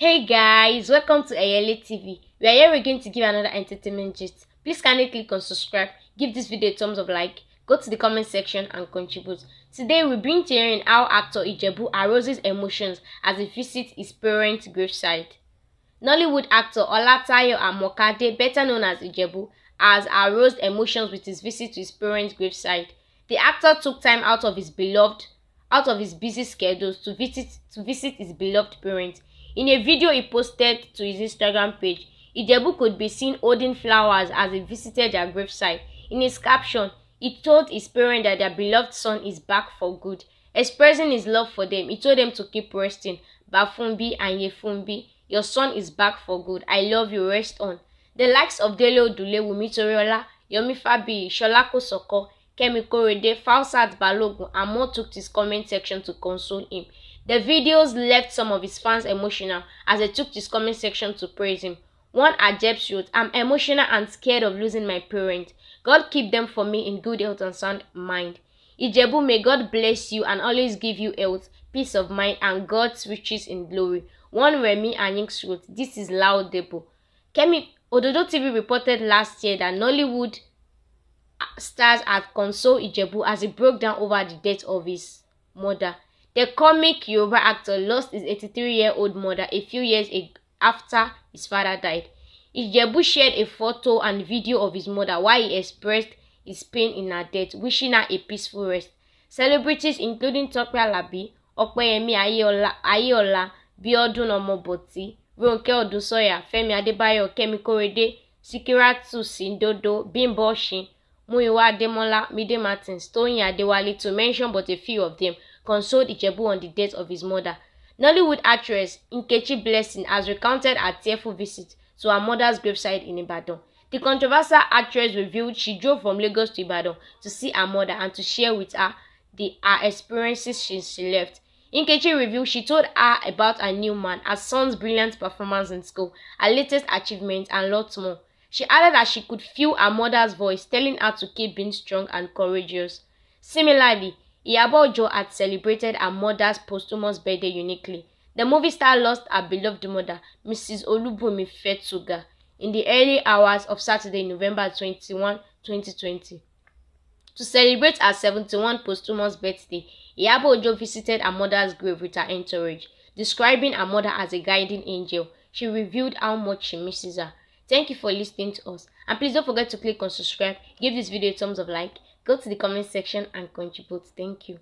Hey guys, welcome to Ayele TV. We are here again to give another entertainment gist. Please kindly click on subscribe, give this video a thumbs up like, go to the comment section and contribute. Today we bring to hearing how actor Ijebu arouses emotions as he visits his parents' graveside. Nollywood actor Olatayo Amokade, better known as Ijebu, has aroused emotions with his visit to his parents' graveside. The actor took time out of his beloved out of his busy schedules to visit to visit his beloved parents. In a video he posted to his Instagram page, Ijebu could be seen holding flowers as he visited her gravesite. In his caption, he told his parents that their beloved son is back for good. Expressing his love for them, he told them to keep resting. Bafunbi and Yefunbi, your son is back for good. I love you. Rest on. The likes of Dele Odule, Wumi Toriola, Yomi Fabiyi, Shola Kosoko, Kemi Korede, Falsat Balogun, and more took to his comment section to console him. The videos left some of his fans emotional as they took his comment section to praise him. One Ajebs wrote, I'm emotional and scared of losing my parents. God keep them for me in good health and sound mind. Ijebu, may God bless you and always give you health, peace of mind, and God's riches in glory. One Remy Anyinks wrote, This is debo. Kemi Ododo TV reported last year that Nollywood stars had consoled Ijebu as he broke down over the death of his mother. The comic Yoruba actor lost his 83-year-old mother a few years after his father died. Ijebu shared a photo and video of his mother while he expressed his pain in her death, wishing her a peaceful rest. Celebrities including Tọ́pẹ́ Àlàbí, Ọpẹ́yẹmí Ayéọlá, Bíọ́dún Ọmọbọ̀tí, Rónkẹ́ Ọdúnsọ́yà, Fẹ́mi Adébáyọ̀, Kẹ́mi Kóredé, Síkírátù Sìǹdodo, Bímbọ́ Ọ̀ṣìn, Múyìwá Mide Martins, Tóyìn Adewale to mention but a few of them consoled Ijebu on the death of his mother. Nollywood actress Nkechi Blessing has recounted her tearful visit to her mother's graveside in Ibadan. The controversial actress revealed she drove from Lagos to Ibadan to see her mother and to share with her the her experiences since she left. Nkechi revealed she told her about her new man, her son's brilliant performance in school, her latest achievements, and lots more. She added that she could feel her mother's voice telling her to keep being strong and courageous. Similarly, Iyabo Ojo had celebrated her mother's posthumous birthday uniquely. The movie star lost her beloved mother, Mrs. Olubunmi Fetuga, in the early hours of Saturday, November 21, 2020. To celebrate her 71st posthumous birthday, Iyabo Ojo visited her mother's grave with her entourage. Describing her mother as a guiding angel, she revealed how much she misses her. Thank you for listening to us. And please don't forget to click on subscribe, give this video a thumbs up like, Go to the comment section and contribute. Thank you.